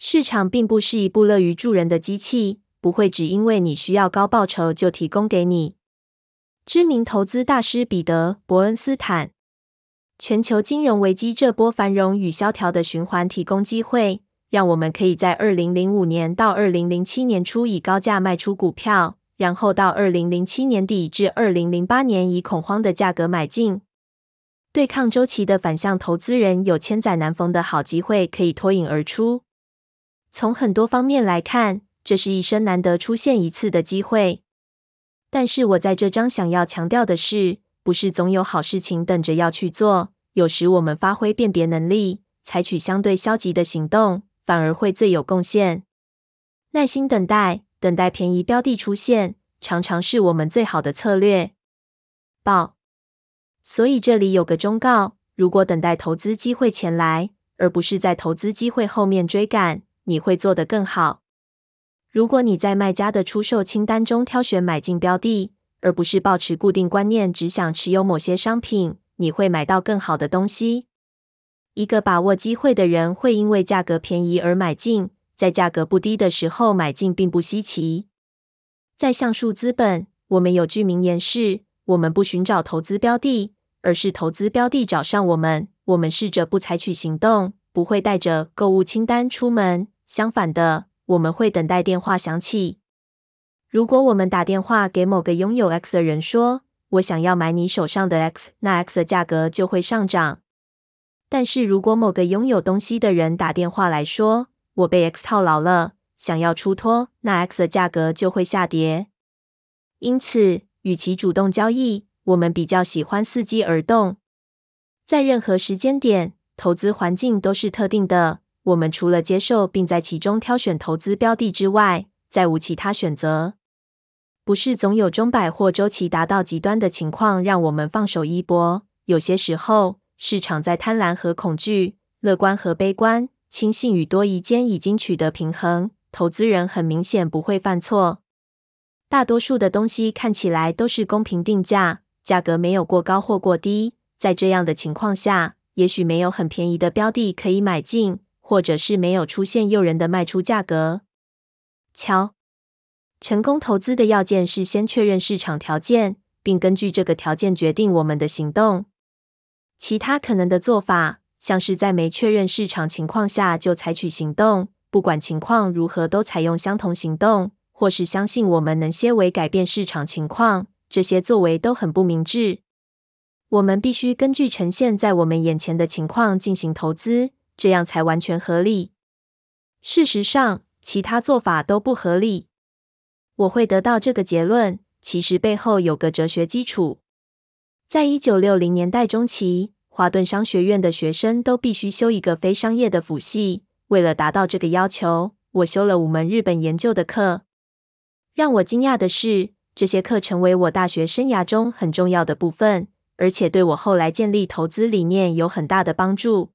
市場並不是一部樂於助人的機器，不會只因為你需要高報酬就提供給你。知名投資大師彼得·伯恩斯坦。全球金融危機這波繁榮與蕭條的循環提供機會，讓我們可以在二零零五年到二零零七年初以高價賣出股票，然後到二零零七年底至二零零八年以恐慌的價格買進。對抗週期的反向投資人有千載難逢的好機會，可以脫穎而出。從很多方面來看，這是一生難得出現一次的機會。但是我在這章想要強調的是，不是總有好事情等着要去做。有時我們發揮辨別能力，採取相對消極的行動，反而會最有貢獻。耐心等待，等待便宜標的出現，常常是我們最好的策略。報。所以這裡有個忠告：如果等待投資機會前來，而不是在投資機會後面追趕，你會做得更好。如果你在賣家的出售清單中挑選買進標的，而不是抱持固定觀念只想持有某些商品，你會買到更好的東西。一個把握機會的人會因為價格便宜而買進，在價格不低的時候買進並不稀奇。在橡樹資本，我們有句名言是：我們不尋找投資標的，而是投資標的找上我們。我們試着不採取行動，不會帶着購物清單出門。相反的，我們會等待電話響起。如果我們打電話給某個擁有 X 的人說“我想要買你手上的 X”，那 X 的價格就會上漲。但是如果某個擁有東西的人打電話來說“我被 X 套牢了，想要出脫”，那 X 的價格就會下跌。因此，與其主動交易，我們比較喜歡伺機而動。在任何時間點，投資環境都是特定的。我們除了接受並在其中挑選投資標的之外，再無其他選擇。不是總有鐘擺或週期達到極端的情況讓我們放手一搏。有些時候，市場在貪婪和恐懼、樂觀和悲觀、輕信與多疑間已經取得平衡。投資人很明顯不會犯錯。大多數的東西看起來都是公平定價，價格沒有過高或過低。在這樣的情況下，也許沒有很便宜的標的可以買進。或者是沒有出現誘人的賣出價格。瞧，成功投資的要件是先確認市場條件，並根據這個條件決定我們的行動。其他可能的做法，像是在沒確認市場情況下就採取行動，不管情況如何都採用相同行動，或是相信我們能些微改變市場情況。這些作為都很不明智。我們必須根據呈現在我們眼前的情況進行投資。這樣才完全合理。事實上，其他做法都不合理。我會得到這個結論，其實背後有個哲學基礎。在一九六零年代中期，華頓商學院的學生都必須修一個非商業的輔系。為了達到這個要求，我修了五門日本研究的課。讓我驚訝的是，這些課成為我大學生涯中很重要的部分，而且對我後來建立投資理念有很大的幫助。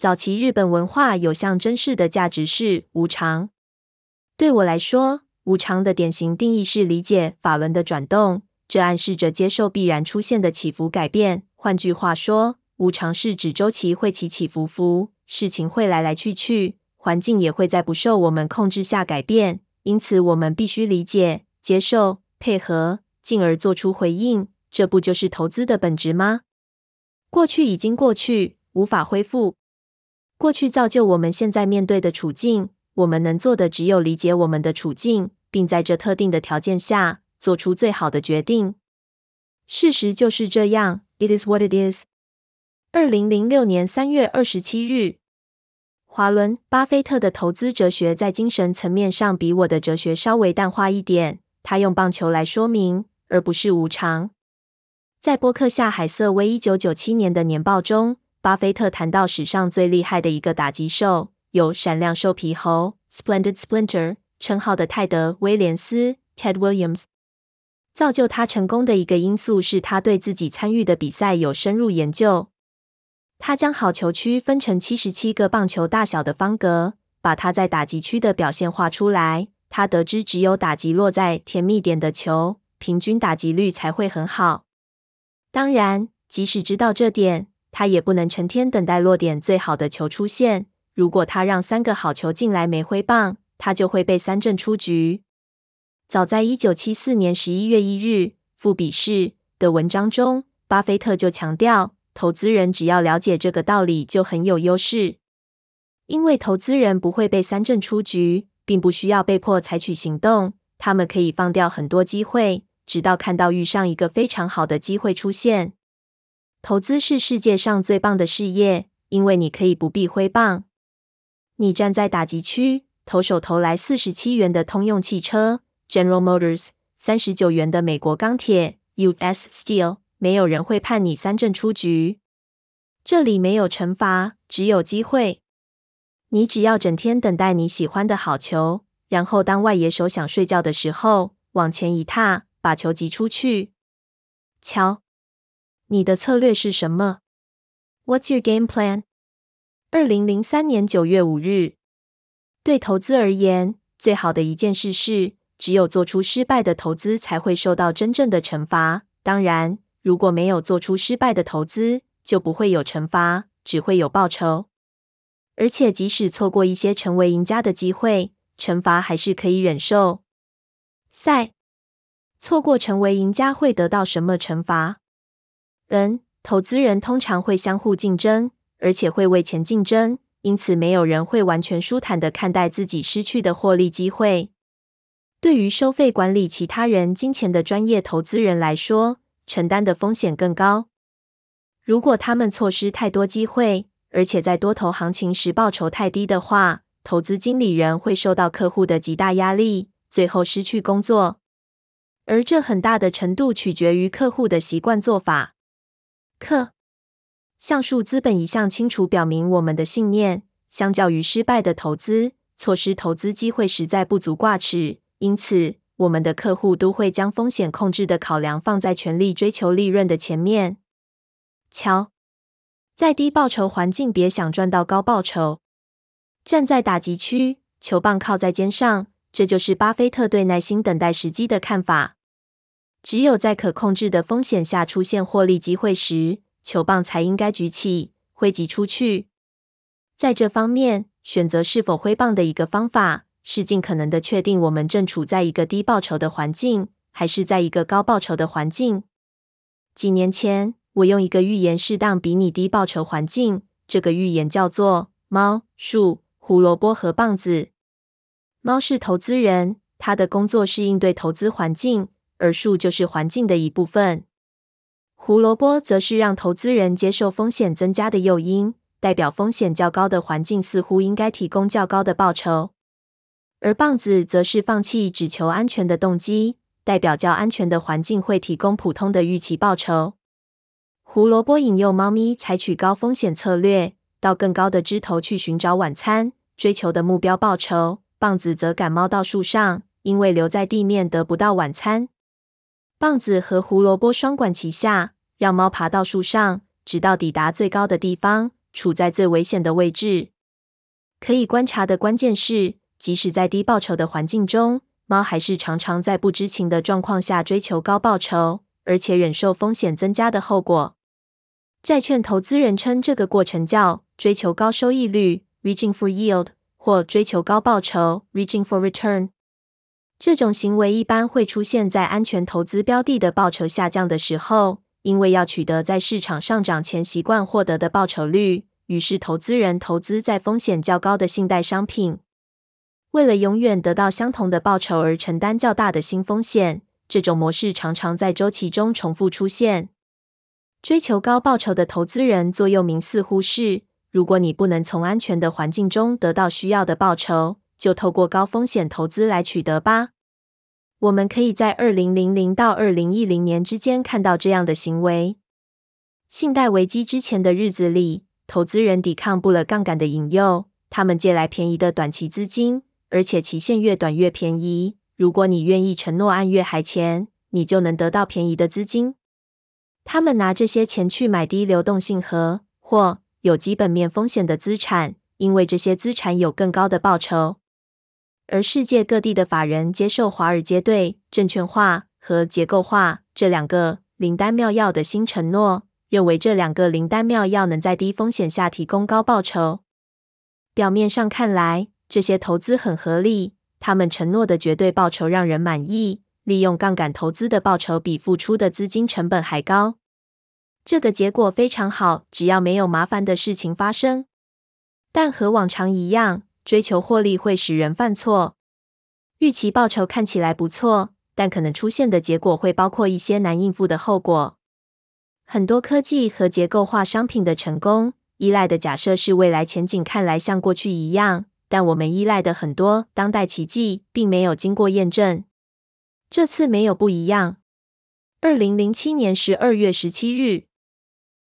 早期日本文化有象徵式的價值是無常。對我來說，無常的典型定義是理解法輪的轉動，這暗示着接受必然出現的起伏改變。換句話說，無常是指周期會起起伏伏，事情會來來去去，環境也會在不受我們控制下改變。因此，我們必須理解、接受、配合，進而做出回應。這不就是投資的本質嗎？過去已經過去，無法恢復。過去造就我們現在面對的處境，我們能做的只有理解我們的處境，並在這特定的條件下做出最好的決定。事實就是這樣，It is what it is。二零零六年三月二十七日，華倫巴菲特的投資哲學在精神層面上比我的哲學稍微淡化一點。他用棒球來說明，而不是無常。在波克夏海瑟薇一九九七年的年報中，巴菲特談到史上最厲害的一個打擊手，有“閃亮瘦皮猴 ”（Splendid Splinter） 稱號的泰德·威廉斯 （Ted Williams）。造就他成功的一個因素是他對自己參與的比賽有深入研究。他將好球區分成七十七個棒球大小的方格，把他在打擊區的表現畫出來。他得知，只有打擊落在甜蜜點的球，平均打擊率才會很好。當然，即使知道這點，他也不能成天等待落點最好的球出現。如果他讓三個好球進來沒揮棒，他就會被三振出局。早在一九七四年十一月一日，富比士的文章中，巴菲特就強調，投資人只要了解這個道理，就很有優勢。因為投資人不會被三振出局，並不需要被迫採取行動，他們可以放掉很多機會，直到看到遇上一個非常好的機會出現。投資是世界上最棒的事業，因為你可以不必揮棒。你站在打擊區，投手投來四十七元的通用汽車 （General Motors） 三十九元的美國鋼鐵 （U.S. Steel），沒有人會判你三振出局。這裡沒有懲罰，只有機會。你只要整天等待你喜歡的好球，然後當外野手想睡覺的時候，往前一踏，把球擊出去。瞧。你的策略是什麼？What's your game plan？二零零三年九月五日，對投資而言，最好的一件事是，只有做出失敗的投資才會受到真正的懲罰。當然，如果沒有做出失敗的投資，就不會有懲罰，只會有報酬。而且，即使錯過一些成為贏家的機會，懲罰還是可以忍受。Sigh，錯過成為贏家會得到什麼懲罰？嗯，投資人通常會相互競爭，而且會為錢競爭，因此沒有人會完全舒坦地看待自己失去的獲利機會。對於收費管理其他人金錢的專業投資人來說，承擔的風險更高。如果他們錯失太多機會，而且在多頭行情時報酬太低的話，投資經理人會受到客戶的極大壓力，最後失去工作。而這很大的程度取決於客戶的習慣做法。客橡樹資本一向清楚表明我們的信念：相較於失敗的投資，錯失投資機會實在不足掛齒。因此，我們的客戶都會將風險控制的考量放在全力追求利潤的前面。瞧，在低報酬環境，別想賺到高報酬。站在打擊區，球棒靠在肩上，這就是巴菲特對耐心等待時機的看法。只有在可控制的風險下出現獲利機會時，球棒才應該舉起揮擊出去。在這方面，選擇是否揮棒的一個方法是盡可能的確定我們正處在一個低報酬的環境，還是在一個高報酬的環境。幾年前，我用一個寓言適當比擬低報酬環境，這個寓言叫做“貓、樹、胡蘿蔔和棒子”。貓是投資人，他的工作是應對投資環境。而樹就是環境的一部分，胡蘿蔔則是讓投資人接受風險增加的誘因，代表風險較高的環境似乎應該提供較高的報酬。而棒子則是放棄只求安全的動機，代表較安全的環境會提供普通的預期報酬。胡蘿蔔引誘貓咪採取高風險策略，到更高的枝頭去尋找晚餐，追求的目標報酬。棒子則趕貓到樹上，因為留在地面得不到晚餐。棒子和胡蘿蔔雙管齊下，讓貓爬到樹上，直到抵達最高的地方，處在最危險的位置。可以觀察的關鍵是，即使在低報酬的環境中，貓還是常常在不知情的狀況下追求高報酬，而且忍受風險增加的後果。債券投資人稱這個過程叫追求高收益率 （reaching for yield） 或追求高報酬 （reaching for return）。這種行為一般會出現在安全投資標的的報酬下降的時候，因為要取得在市場上漲前習慣獲得的報酬率，於是投資人投資在風險較高的信貸商品，為了永遠得到相同的報酬而承擔較大的新風險。這種模式常常在週期中重複出現。追求高報酬的投資人座右銘似乎是：如果你不能從安全的環境中得到需要的報酬。就透過高風險投資來取得吧。我們可以在二零零零到二零一零年之間看到這樣的行為。信貸危機之前的日子裡，投資人抵抗不了槓桿的引誘，他們借來便宜的短期資金，而且期限越短越便宜。如果你願意承諾按月還錢，你就能得到便宜的資金。他們拿這些錢去買低流動性和或有基本面風險的資產，因為這些資產有更高的報酬。而世界各地的法人接受華爾街對證券化和結構化這兩個靈丹妙藥的新承諾，認為這兩個靈丹妙藥能在低風險下提供高報酬。表面上看來，這些投資很合理，他們承諾的絕對報酬讓人滿意，利用槓桿投資的報酬比付出的資金成本還高。這個結果非常好，只要沒有麻煩的事情發生。但和往常一樣，追求獲利會使人犯錯。預期報酬看起來不錯，但可能出現的結果會包括一些難應付的後果。很多科技和結構化商品的成功依賴的假設是未來前景看來像過去一樣，但我們依賴的很多當代奇蹟並沒有經過驗證。這次沒有不一樣。二零零七年十二月十七日，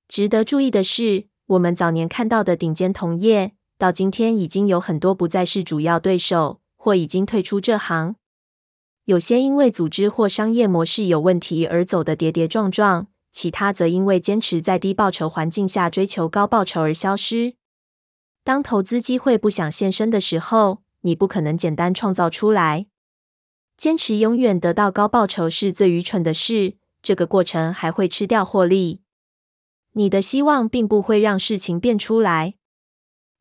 值得注意的是，我們早年看到的頂尖同業。到今天，已經有很多不再是主要對手，或已經退出這行。有些因為組織或商業模式有問題而走得跌跌撞撞，其他則因為堅持在低報酬環境下追求高報酬而消失。當投資機會不想現身的時候，你不可能簡單創造出來。堅持永遠得到高報酬是最愚蠢的事，這個過程還會吃掉獲利。你的希望並不會讓事情變出來。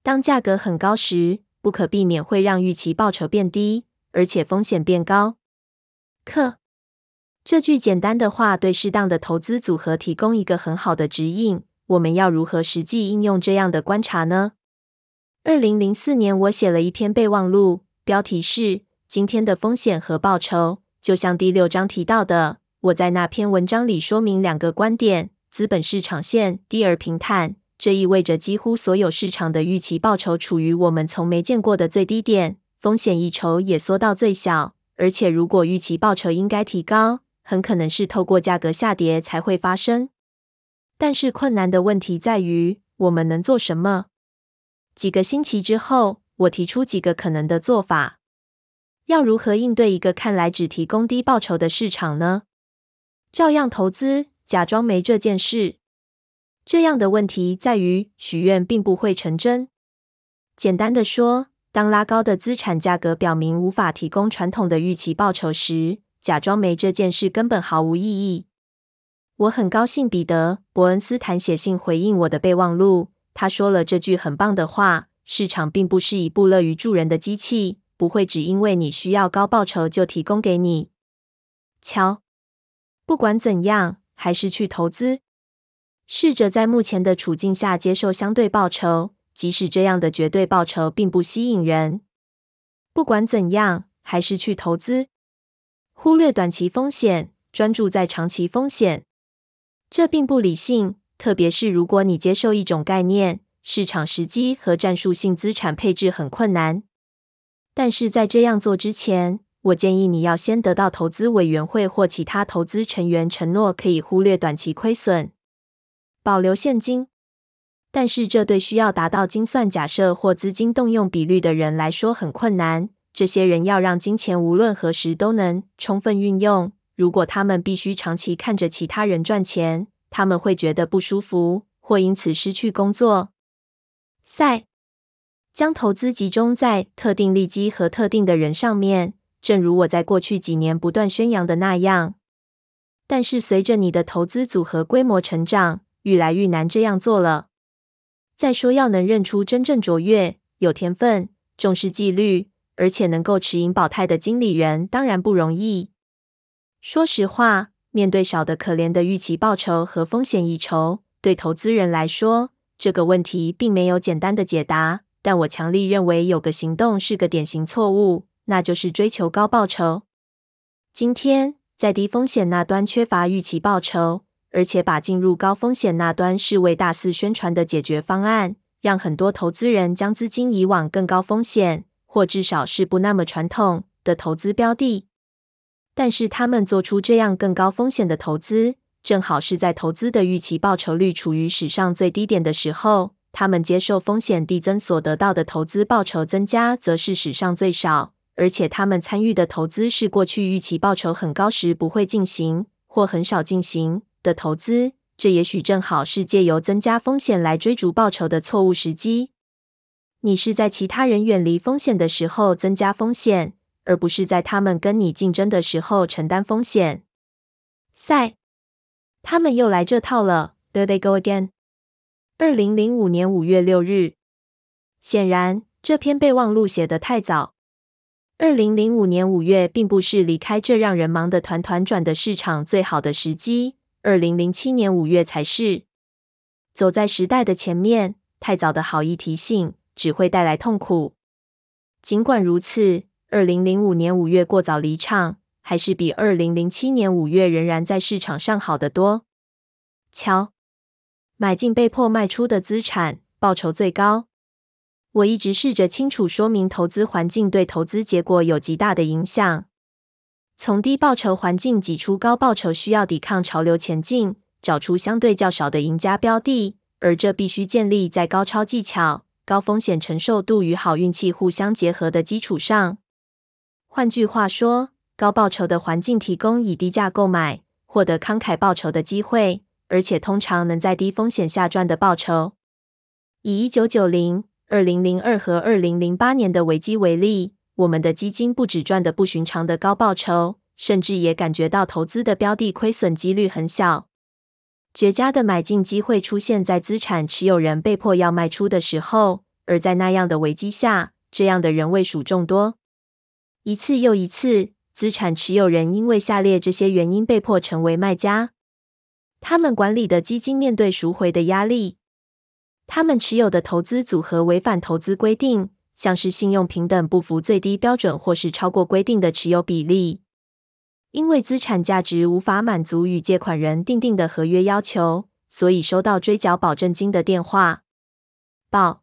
當價格很高時，不可避免會讓預期報酬變低，而且風險變高。克，這句簡單的話對適當的投資組合提供一個很好的指引。我們要如何實際應用這樣的觀察呢？二零零四年，我寫了一篇備忘錄，標題是《今天的風險和報酬》。就像第六章提到的，我在那篇文章裡說明兩個觀點：資本市場線低而平坦。這意味着幾乎所有市場的預期報酬處於我們從沒見過的最低點，風險溢酬，也縮到最小。而且，如果預期報酬應該提高，很可能是透過價格下跌才會發生。但是，困難的問題在於我們能做什麼？幾個星期之後，我提出幾個可能的做法：要如何應對一個看來只提供低報酬的市場呢？照樣投資，假裝沒這件事。這樣的問題在於，許願並不會成真。簡單的說，當拉高的資產價格表明無法提供傳統的預期報酬時，假裝沒這件事根本毫無意義。我很高興彼得·伯恩斯坦寫信回應我的備忘錄，他說了這句很棒的話：“市場並不是一部樂於助人的機器，不會只因為你需要高報酬就提供給你。”瞧，不管怎樣，還是去投資。試着在目前的處境下接受相對報酬，即使這樣的絕對報酬並不吸引人。不管怎樣，還是去投資，忽略短期風險，專注在長期風險。這並不理性，特別是如果你接受一種概念，市場時機和戰術性資產配置很困難。但是在這樣做之前，我建議你要先得到投資委員會或其他投資成員承諾可以忽略短期虧損。保留現金，但是這對需要達到精算假設或資金動用比率的人來說很困難。這些人要讓金錢無論何時都能充分運用。如果他們必須長期看着其他人賺錢，他們會覺得不舒服，或因此失去工作。賽將投資集中在特定利基和特定的人上面，正如我在過去幾年不斷宣揚的那樣。但是隨着你的投資組合規模成長，愈來愈難這樣做了。再說，要能認出真正卓越、有天分、重視紀律，而且能夠持盈保泰的經理人，當然不容易。說實話，面對少得可憐的預期報酬和風險溢酬，對投資人來說，這個問題並沒有簡單的解答。但我強烈認為，有個行動是個典型錯誤，那就是追求高報酬。今天，在低風險那端缺乏預期報酬。而且把進入高風險那端視為大肆宣傳的解決方案，讓很多投資人將資金移往更高風險，或至少是不那麼傳統的投資標的。但是，他們做出這樣更高風險的投資，正好是在投資的預期報酬率處於史上最低點的時候。他們接受風險遞增所得到的投資報酬增加，則是史上最少。而且，他們參與的投資是過去預期報酬很高時不會進行，或很少進行的投資，這也許正好是借由增加風險來追逐報酬的錯誤時機。你是在其他人遠離風險的時候增加風險，而不是在他們跟你競爭的時候承擔風險。賽，他們又來這套了。Do they go again？二零零五年五月六日，顯然這篇備忘錄寫得太早。二零零五年五月並不是離開這讓人忙得團團轉的市場最好的時機。二零零七年五月才是，走在時代的前面，太早的好意提醒只會帶來痛苦。儘管如此，二零零五年五月過早離場，還是比二零零七年五月仍然在市場上好得多。瞧，買進被迫賣出的資產，報酬最高。我一直試着清楚說明，投資環境對投資結果有極大的影響。從低報酬環境擠出高報酬，需要抵抗潮流前進，找出相對較少的贏家標的，而這必須建立在高超技巧、高風險承受度與好運氣互相結合的基礎上。換句話說，高報酬的環境提供以低價購買、獲得慷慨報酬的機會，而且通常能在低風險下賺的報酬。以一九九零、二零零二和二零零八年的危機為例。我們的基金不止賺得不尋常的高報酬，甚至也感覺到投資的標的虧損幾率很小。絕佳的買進機會出現在資產持有人被迫要賣出的時候，而在那樣的危機下，這樣的人為數眾多。一次又一次，資產持有人因為下列這些原因被迫成為賣家：他們管理的基金面對贖回的壓力；他們持有的投資組合違反投資規定。像是信用評等不符最低標準，或是超過規定的持有比例，因為資產價值無法滿足與借款人訂定的合約要求，所以收到追繳保證金的電話。報，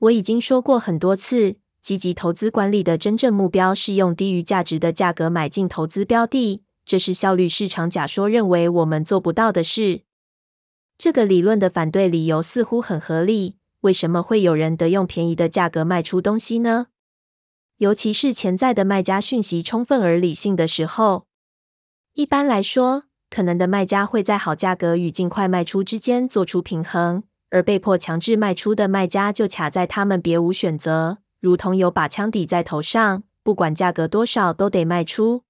我已經說過很多次，積極投資管理的真正目標是用低於價值的價格買進投資標的，這是效率市場假說認為我們做不到的事。這個理論的反對理由似乎很合理。為什麼會有人得用便宜的價格賣出東西呢？尤其是潛在的賣家訊息充分而理性的時候，一般來說，可能的賣家會在好價格與盡快賣出之間做出平衡，而被迫強制賣出的賣家就卡在他們別無選擇，如同有把槍抵在頭上，不管價格多少都得賣出。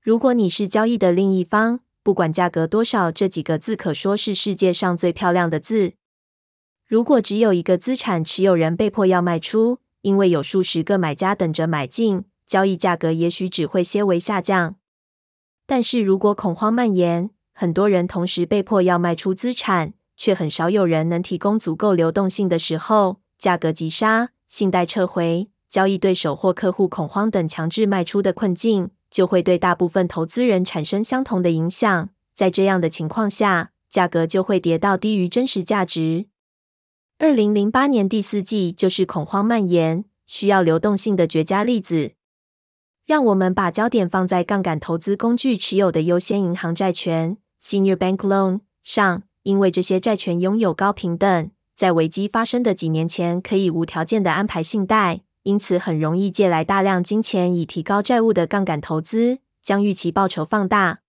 如果你是交易的另一方，不管價格多少，這幾個字可說是世界上最漂亮的字。如果只有一個資產持有人被迫要賣出，因為有數十個買家等着買進，交易價格也許只會些微下降。但是如果恐慌蔓延，很多人同時被迫要賣出資產，卻很少有人能提供足夠流動性的時候，價格急殺、信貸撤回、交易對手或客戶恐慌等強制賣出的困境，就會對大部分投資人產生相同的影響。在這樣的情況下，價格就會跌到低於真實價值。二零零八年第四季就是恐慌蔓延、需要流動性的絕佳例子。讓我們把焦點放在槓桿投資工具持有的優先銀行債權 （Senior Bank Loan） 上，因為這些債權擁有高評等，在危機發生的幾年前可以無條件地安排信貸，因此很容易借來大量金錢以提高債務的槓桿投資，將預期報酬放大。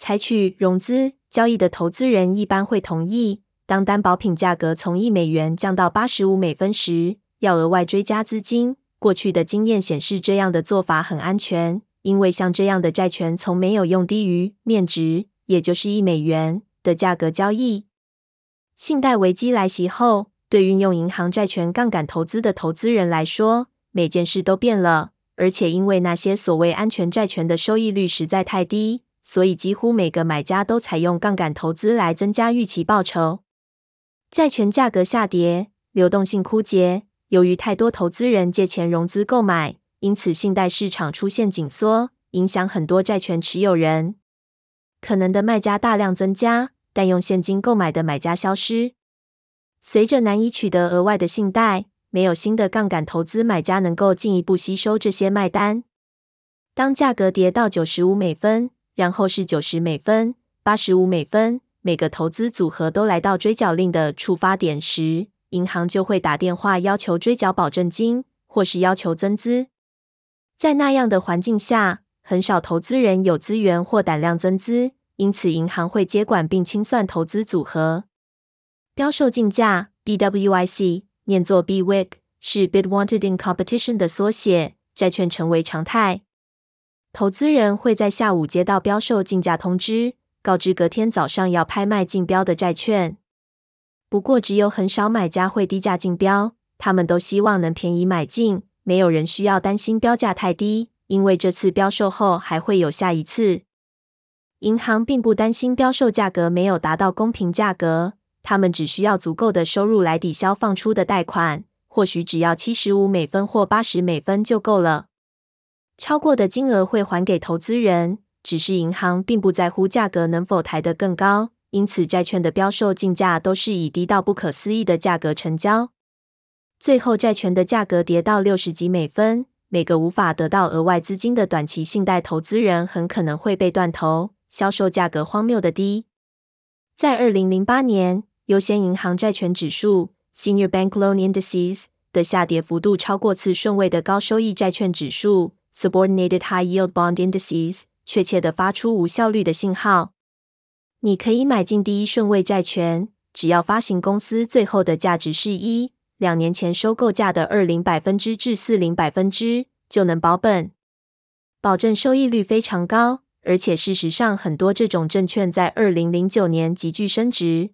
採取融資交易的投資人一般會同意，當擔保品價格從一美元降到八十五美分時，要額外追加資金。過去的經驗顯示，這樣的做法很安全，因為像這樣的債權從沒有用低於面值，也就是一美元的價格交易。信貸危機來襲後，對運用銀行債權槓桿投資的投資人來說，每件事都變了。而且，因為那些所謂安全債權的收益率實在太低，所以幾乎每個買家都採用槓桿投資來增加預期報酬。債券價格下跌，流動性枯竭。由於太多投資人借錢融資購買，因此信貸市場出現緊縮，影響很多債權持有人。可能的賣家大量增加，但用現金購買的買家消失。隨着難以取得額外的信貸，沒有新的槓桿投資買家能夠進一步吸收這些賣單。當價格跌到九十五美分，然後是九十美分，八十五美分，每個投資組合都來到追繳令的觸發點時，銀行就會打電話要求追繳保證金，或是要求增資。在那樣的環境下，很少投資人有資源或膽量增資，因此銀行會接管並清算投資組合。標售競價 （BWIC） 念作 BWIC 是 Bid Wanted in Competition 的縮寫，債券成為常態。投資人會在下午接到標售競價通知。告知隔天早上要拍賣競標的債券，不過只有很少買家會低價競標，他們都希望能便宜買進，沒有人需要擔心標價太低，因為這次標售後還會有下一次。銀行並不擔心標售價格沒有達到公平價格，他們只需要足夠的收入來抵消放出的貸款，或許只要75美分或80美分就夠了。超過的金額會還給投資人。只是銀行並不在乎價格能否抬得更高，因此債券的標售競價都是以低到不可思議的價格成交。最後，債券的價格跌到六十幾美分，每個無法得到額外資金的短期信貸投資人很可能會被斷頭。銷售價格荒謬的低，在二零零八年，優先銀行債券指數 （Senior Bank Loan Indices） 的下跌幅度超過次順位的高收益債券指數 （Subordinated High Yield Bond Indices）。確切地發出無效率的信號。你可以買進第一順位債權，只要發行公司最後的價值是一兩年前收購價的百分之二十至百分之四十，就能保本，保證收益率非常高。而且事實上，很多這種證券在二零零九年急劇升值。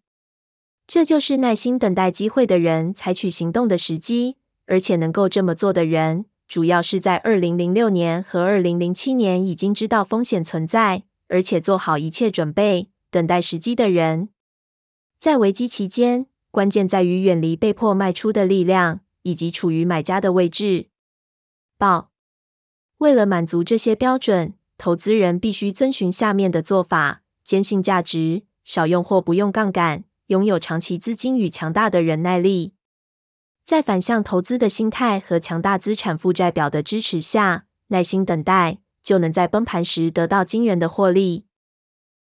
這就是耐心等待機會的人採取行動的時機，而且能夠這麼做的人，主要是在二零零六年和二零零七年已經知道風險存在，而且做好一切準備，等待時機的人。在危機期間，關鍵在於遠離被迫賣出的力量，以及處於買家的位置。報。為了滿足這些標準，投資人必須遵循下面的做法：堅信價值，少用或不用槓桿，擁有長期資金與強大的忍耐力。在反向投資的心態和強大資產負債表的支持下，耐心等待，就能在崩盤時得到驚人的獲利。